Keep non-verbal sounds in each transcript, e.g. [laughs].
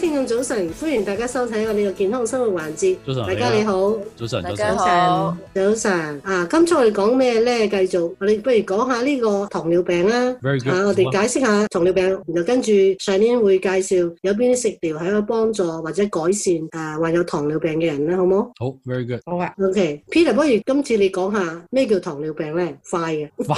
聽眾早晨，歡迎大家收睇我哋嘅健康生活環節。早晨，大家你好。早晨，大家好。早晨啊，今次我哋講咩咧？繼續，我哋不如講下呢個糖尿病啦。Very good。吓，我哋解釋下糖尿病，然後跟住上年會介紹有邊啲食療係一個幫助或者改善誒患有糖尿病嘅人咧，好冇？好，very good。好啊。Okay，Peter，不如今次你講下咩叫糖尿病咧？快嘅。快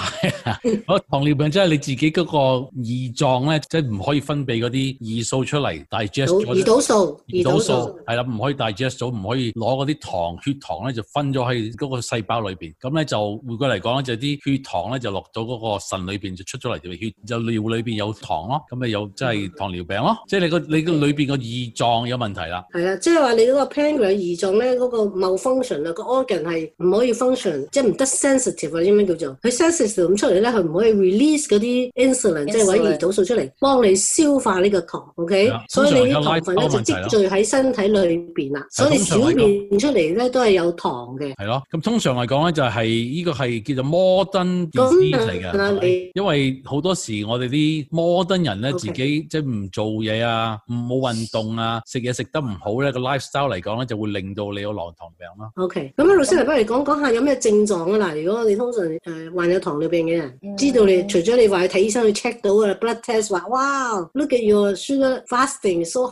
啊！好，糖尿病即係你自己嗰個胰臟咧，即係唔可以分泌嗰啲胰素出嚟，但係 just 胰島素，胰島素係啦，唔可以大 G.S. 唔可以攞嗰啲糖，血糖咧就分咗喺嗰個細胞裏面。咁咧就換句嚟講咧，就啲、是、血糖咧就落到嗰個腎裏面，就出咗嚟條血，就尿裏面有糖咯，咁咪有即係、就是、糖尿病咯，嗯、即係你個你個裏、嗯、面個胰臟有問題啦。係啦，即係話你嗰個 pancreas 胰臟咧，嗰、那個冇 function 啦，那個 organ 係唔可以 function，即係唔得 sensitive 啊，點叫做佢 sensitive 咁出嚟咧，佢唔可以 release 嗰啲 insulin, insulin，即係搵胰島素出嚟幫你消化呢個糖。OK，所以你。糖分咧就積聚喺身體裏邊啦，所以小便出嚟咧都係有糖嘅。係咯，咁通常嚟講咧就係、是、呢、這個係叫做 modern disease、嗯。嚟㗎。因為好多時我哋啲摩登人咧自己即係唔做嘢啊，唔、okay。好運動啊，食嘢食得唔好咧，個 lifestyle 嚟講咧就會令到你有狼糖病咯。OK，咁啊，老師嚟不如講講下有咩症狀啊嗱？如果你通常誒、呃、患有糖尿病嘅人、嗯，知道你除咗你話去睇醫生去 check 到啊，blood test 話哇，look at your sugar fasting so。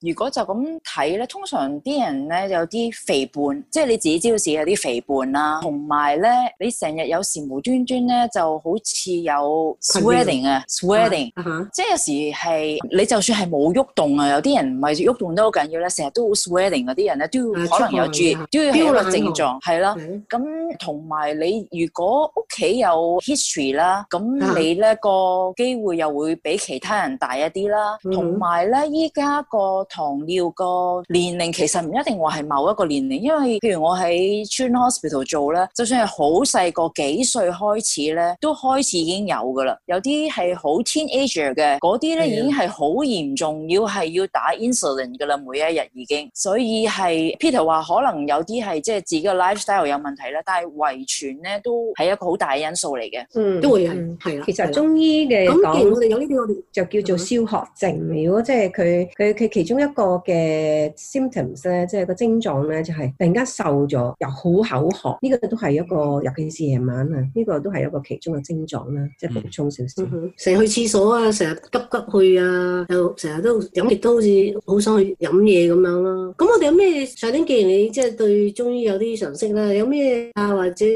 如果就咁睇咧，通常啲人咧有啲肥胖，即係你自己知道自己有啲肥胖啦，同埋咧你成日有時無端端咧就好似有 sweating 啊，sweating，即係有時係你就算係冇喐動啊，有啲人唔係喐動,動都好緊要咧，成日都好 sweating 嗰啲人咧都要可能有注意，都要考慮症狀係啦。咁同埋你如果屋企有 history 啦，咁你咧個機會又會比其他人大一啲啦，同埋咧依家個。糖尿個年齡其實唔一定話係某一個年齡，因為譬如我喺 Tuen Mun Hospital 做咧，就算係好細個幾歲開始咧，都開始已經有噶啦。有啲係好 teenager 嘅，嗰啲咧已經係好嚴重，要係要打 insulin 噶啦，每一日已經是。所以係 Peter 話可能有啲係即係自己個 lifestyle 有問題啦，但係遺傳咧都係一個好大因素嚟嘅、嗯，都會係、嗯。其實中醫嘅講，咁我哋有呢啲，我哋就叫做消渴症、嗯。如果即係佢佢佢其中。一個嘅 symptoms 咧，即係個症狀咧，就係突然間瘦咗，又好口渴，呢個都係一個，尤其是夜晚啊，呢個都係一個其中嘅症狀啦，即係補充少少。成日去廁所啊，成日急急去啊，又成日都飲，亦都好似好想去飲嘢咁樣咯。咁我哋有咩？上年既然你即係對中醫有啲常識啦，有咩啊或者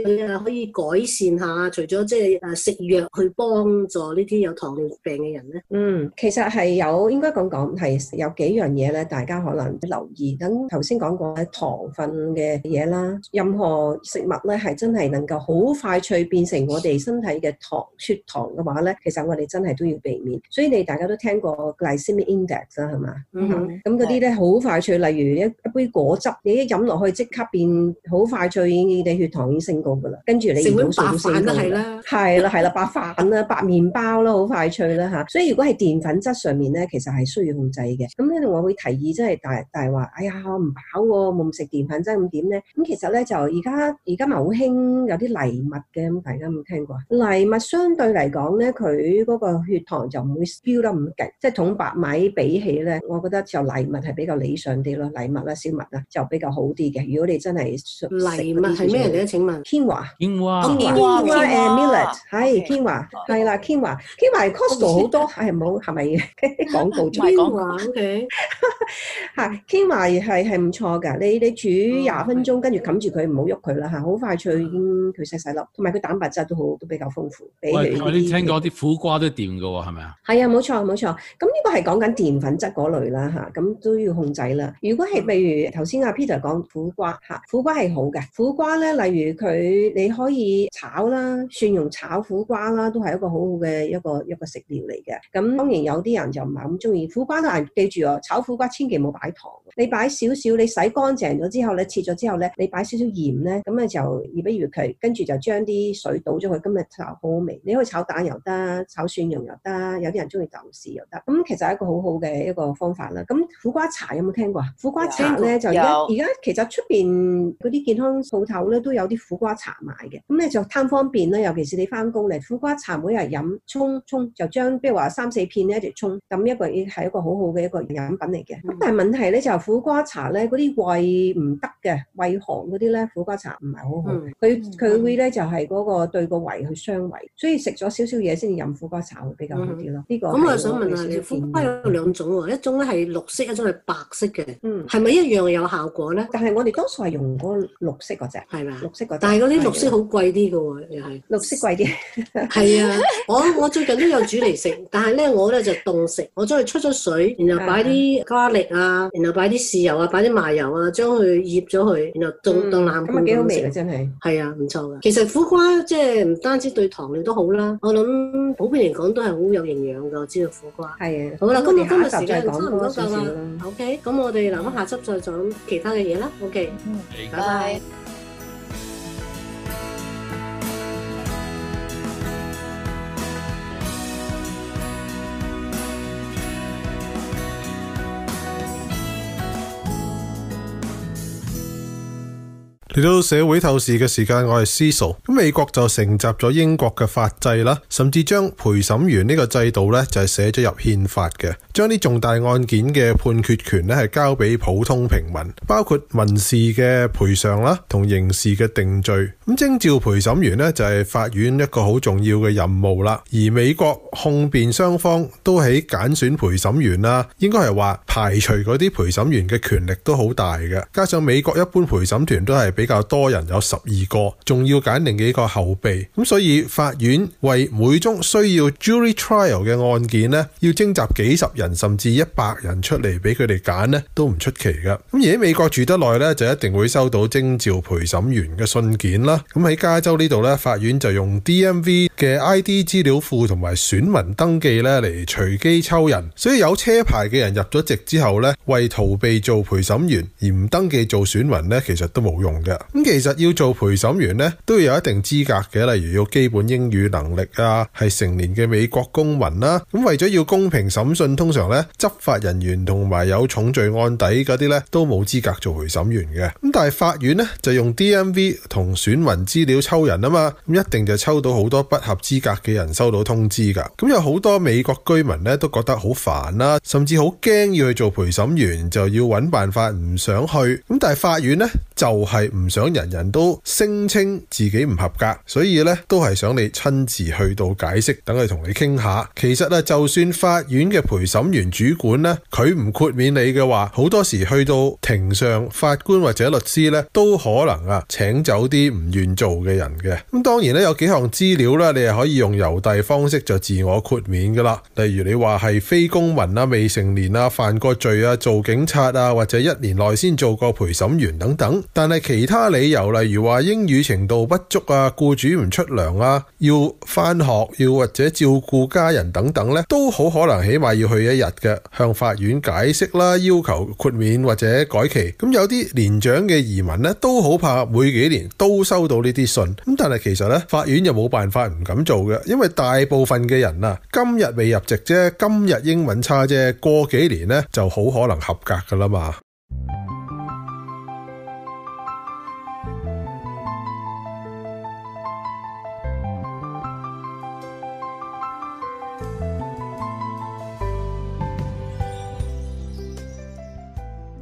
可以改善下？除咗即係誒食藥去幫助呢啲有糖尿病嘅人咧？嗯，其實係有，應該講講係有幾樣。嘢咧，大家可能都留意。等頭先講過咧，糖分嘅嘢啦，任何食物咧，係真係能夠好快脆變成我哋身體嘅糖、血糖嘅話咧，其實我哋真係都要避免。所以你大家都聽過 glycemic index 啦，係嘛？嗯。咁嗰啲咧，好快脆，例如一一杯果汁，你一飲落去即刻變好快脆，已經你血糖已經升高噶啦。跟住你胰島素都升㗎啦。係啦，係啦， [laughs] 白飯啦，白麵包啦，好快脆啦嚇。所以如果係澱粉質上面咧，其實係需要控制嘅。咁咧我會提議真係大大話，哎呀我唔飽喎、啊，唔食甜粉，真咁點咧？咁其實咧就而家而家咪好興有啲藜物嘅，咁大家有冇聽過啊？藜相對嚟講咧，佢嗰個血糖就唔會飆得咁勁，即係同白米比起咧，我覺得就藜物係比較理想啲咯，藜物啦、小物啦就比較好啲嘅。如果你真係食，物，麥係咩嚟咧？請問？n 華，天 k 天 n 米粒，係天華，n 啦，k 華，n 華，costco 好多係冇係咪？啲廣告做。 [laughs] 係， [laughs] 傾埋係係唔錯噶。你你煮廿分鐘，跟、嗯、住冚住佢，唔好喐佢啦嚇，好快脆已經佢細細粒，同埋佢蛋白質都好，都比較豐富。比喂，我啲聽講啲苦瓜都掂噶喎，係咪啊？係啊，冇錯冇錯。咁呢個係講緊澱粉質嗰類啦嚇，咁都要控制啦。如果係譬如頭先阿 Peter 講苦瓜嚇，苦瓜係好嘅。苦瓜咧，例如佢你可以炒啦，蒜蓉炒苦瓜啦，都係一個好好嘅一個一個食料嚟嘅。咁當然有啲人就唔係咁中意苦瓜，都係記住哦。炒。苦瓜千祈唔好擺糖，你擺少少，你洗乾淨咗之後咧，你切咗之後咧，你擺少少鹽咧，咁咧就而不如佢，跟住就將啲水倒咗佢，今日炒好好味。你可以炒蛋又得，炒蒜蓉又得，有啲人中意豆豉又得。咁其實係一個好好嘅一個方法啦。咁苦瓜茶有冇聽過啊？苦瓜茶咧就而家而家其實出邊嗰啲健康鋪頭咧都有啲苦瓜茶賣嘅。咁咧就貪方便啦，尤其是你翻工嚟，苦瓜茶每日飲，沖沖就將，比如話三四片咧，一碟沖，咁一個係一個好好嘅一個飲品。嚟、嗯、嘅，咁但係問題咧就係苦瓜茶咧，嗰啲胃唔得嘅，胃寒嗰啲咧，苦瓜茶唔係好好。佢、嗯、佢會咧就係嗰個對個胃去傷胃，所以食咗少少嘢，先至飲苦瓜茶會比較好啲咯。呢、嗯呢個咁、嗯、我想問下你，苦瓜有兩種喎，一種咧係綠色，一種係白色嘅，係、嗯、咪一樣有效果咧？但係我哋多數係用嗰個綠色嗰隻，係咪？綠色嗰，但係嗰啲綠色好貴啲嘅喎，又係綠色貴啲。係 [laughs] 啊，我我最近都有煮嚟食，但係咧我咧就凍食，我將佢出咗水，然後擺啲。咖喱啊，然後擺啲豉油啊，擺啲麻油啊，將佢醃咗佢，然後凍凍冷凍都好食。咁啊，幾好味啊，真係。係啊，唔錯噶。其實苦瓜即係唔單止對糖尿都好啦，我諗普遍嚟講都係好有營養噶。我知道苦瓜。係啊。好啦，今日今日時間差唔多啦。O K，咁我哋留翻下集再講其他嘅嘢啦。O K，嗯，拜拜。嚟到社會透視嘅時間，我係思素。咁美國就承襲咗英國嘅法制啦，甚至將陪審員呢個制度咧，就係寫咗入憲法嘅，將啲重大案件嘅判決權咧係交俾普通平民，包括民事嘅賠償啦，同刑事嘅定罪。咁徵召陪審員咧就係法院一個好重要嘅任務啦。而美國控辯雙方都喺揀選，選陪審員啦，應該係話排除嗰啲陪審員嘅權力都好大嘅，加上美國一般陪審團都係。比較多人有十二個，仲要揀另幾個後備，咁所以法院為每宗需要 jury trial 嘅案件咧，要徵集幾十人甚至一百人出嚟俾佢哋揀咧，都唔出奇噶。咁而喺美國住得耐咧，就一定會收到徵召陪審員嘅信件啦。咁喺加州呢度咧，法院就用 DMV。嘅 ID 資料庫同埋選民登記咧嚟隨機抽人，所以有車牌嘅人入咗席之後咧，為逃避做陪審員而唔登記做選民咧，其實都冇用嘅。咁其實要做陪審員咧，都要有一定資格嘅，例如要基本英語能力啊，係成年嘅美國公民啦、啊。咁為咗要公平審訊，通常咧執法人員同埋有重罪案底嗰啲咧都冇資格做陪審員嘅。咁但係法院咧就用 DMV 同選民資料抽人啊嘛，咁一定就抽到好多不合。合資格嘅人收到通知噶咁有好多美國居民咧都覺得好煩啦，甚至好驚要去做陪審員，就要揾辦法唔想去。咁但係法院咧就係唔想人人都聲稱自己唔合格，所以咧都係想你親自去到解釋，等佢同你傾下。其實咧就算法院嘅陪審員主管咧，佢唔豁免你嘅話，好多時去到庭上，法官或者律師咧都可能啊請走啲唔願做嘅人嘅。咁當然咧有幾項資料啦。你係可以用郵遞方式就自我豁免噶啦，例如你話係非公民啊、未成年啊、犯過罪啊、做警察啊，或者一年內先做過陪審員等等。但係其他理由，例如話英語程度不足啊、僱主唔出糧啊、要翻學、要或者照顧家人等等咧，都好可能起碼要去一日嘅，向法院解釋啦，要求豁免或者改期。咁有啲年長嘅移民咧，都好怕每幾年都收到呢啲信。咁但係其實咧，法院又冇辦法。咁做嘅，因為大部分嘅人啊，今日未入籍啫，今日英文差啫，過幾年咧就好可能合格噶啦嘛。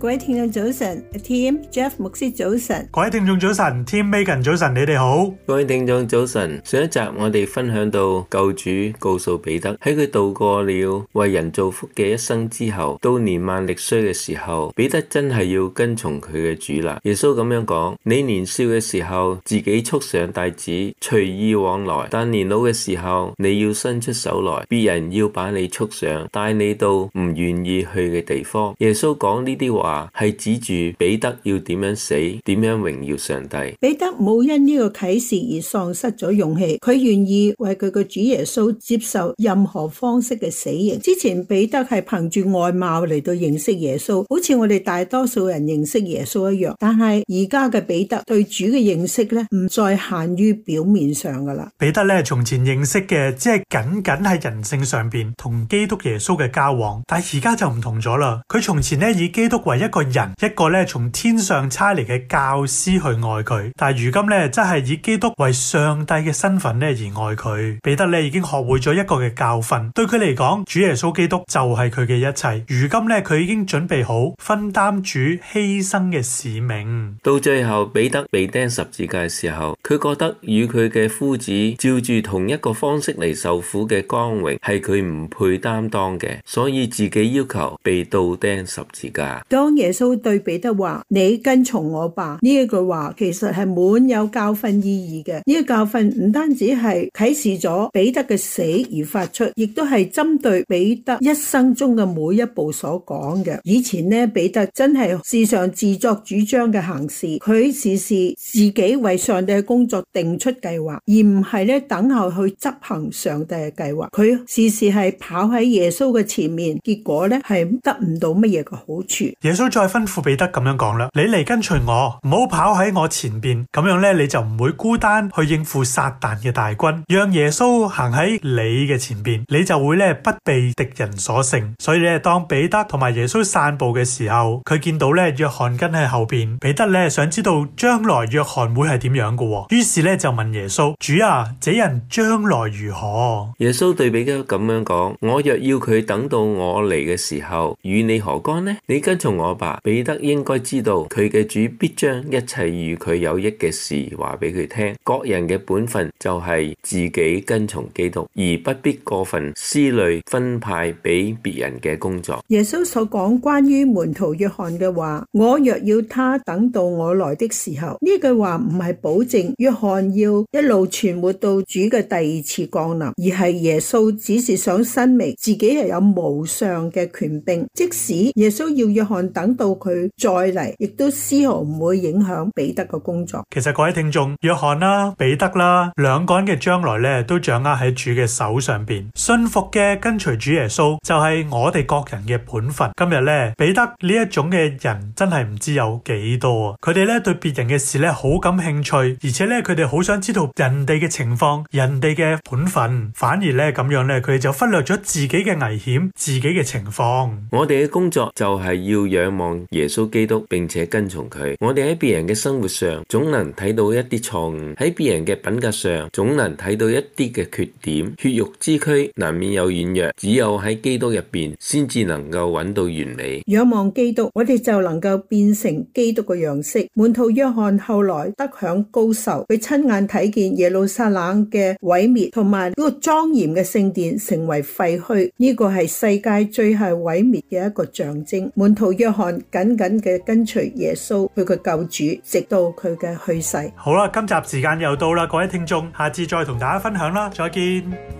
各位聽眾早晨，Team Jeff 牧師早晨，各位聽眾早晨，眾早晨，Team Megan 早晨，你哋好，各位聽眾早晨。上一集我哋分享到，救主告訴彼得喺佢度過了為人造福嘅一生之後，到年邁力衰嘅時候，彼得真係要跟從佢嘅主啦。耶穌咁樣講：你年少嘅時候自己束上帶子，隨意往來；但年老嘅時候，你要伸出手來，別人要把你束上，帶你到唔願意去嘅地方。耶穌講呢啲話。係指住彼得要點樣死，點樣榮耀上帝。彼得冇因呢個啟示而喪失咗勇氣，佢願意為佢個主耶穌接受任何方式嘅死刑。之前彼得係憑住外貌嚟到認識耶穌，好似我哋大多數人認識耶穌一樣。但係而家嘅彼得對主嘅認識咧，唔再限於表面上噶啦。彼得咧從前認識嘅，即係僅僅喺人性上邊同基督耶穌嘅交往。但係而家就唔同咗啦，佢從前呢以基督為一個人，一個咧從天上差嚟嘅教師去愛佢，但如今咧真係以基督為上帝嘅身份咧而愛佢。彼得咧已經學會咗一個嘅教訓，對佢嚟講，主耶穌基督就係佢嘅一切。如今咧佢已經準備好分擔主犧牲嘅使命。到最後彼得被釘十字架嘅時候，佢覺得與佢嘅夫子照住同一個方式嚟受苦嘅光榮係佢唔配擔當嘅，所以自己要求被倒釘十字架。耶穌對彼得話：你跟從我吧。呢一句話其實係滿有教訓意義嘅。呢個教訓唔單止係啟示咗彼得嘅死而發出，亦都係針對彼得一生中嘅每一步所講嘅。以前呢，彼得真係事上自作主張嘅行事，佢事事自己為上帝嘅工作定出計劃，而唔係等候去執行上帝嘅計劃。佢事事係跑喺耶穌嘅前面，結果呢係得唔到乜嘢嘅好處。都再吩咐彼得咁樣講啦，你嚟跟隨我，唔好跑喺我前邊，咁樣咧你就唔會孤單去應付撒旦嘅大軍。讓耶穌行喺你嘅前邊，你就會咧不被敵人所勝。所以咧，當彼得同埋耶穌散步嘅時候，佢見到咧約翰跟喺後邊，彼得咧想知道將來約翰會係點樣喎，於是咧就問耶穌：主啊，這人將來如何？耶穌對彼得咁樣講：我若要佢等到我嚟嘅時候，與你何干呢？你跟隨我。彼得應該知道，佢嘅主必將一切與佢有益嘅事話俾佢聽。各人嘅本分就是自己跟從基督，而不必過分思慮分派俾別人嘅工作。耶穌所講，關於門徒約翰的話，我若要他等到我來的時候。呢句話唔係保證約翰要一路存活到主嘅第二次降臨，而係耶穌只是想申明，自己係有無上嘅權柄。即使，耶穌要約翰等到佢再嚟，亦都絲毫唔會影響彼得嘅工作。其實各位聽眾，約翰啦，彼得啦，兩個人嘅將來咧，都掌握喺主嘅手上邊。信服嘅跟隨主耶穌，就係、是、我哋各人嘅本分。今日咧，彼得呢一種嘅人，真係唔知有幾多啊！佢哋咧對別人嘅事咧好感興趣，而且咧佢哋好想知道人哋嘅情況、人哋嘅本分。反而咧咁樣咧，佢哋就忽略咗自己嘅危險、自己嘅情況。我哋嘅工作就係要仰望耶穌基督，並且跟從佢。我哋喺別人嘅生活上，總能睇到一啲錯誤；喺別人嘅品格上，總能睇到一啲嘅缺點。血肉之軀難免有軟弱，只有喺基督入邊，先至能夠揾到完美。仰望基督，我哋就能夠變成基督嘅樣式。滿徒約翰後來得享高壽，佢親眼睇見耶路撒冷嘅毀滅，同埋嗰個莊嚴嘅聖殿成為廢墟。呢個係世界最後毀滅嘅一個象徵。滿徒約緊緊嘅跟隨耶穌，佢嘅救主，直到佢嘅去世。好啦，今集時間又到啦，各位聽眾，下次再同大家分享啦，再見。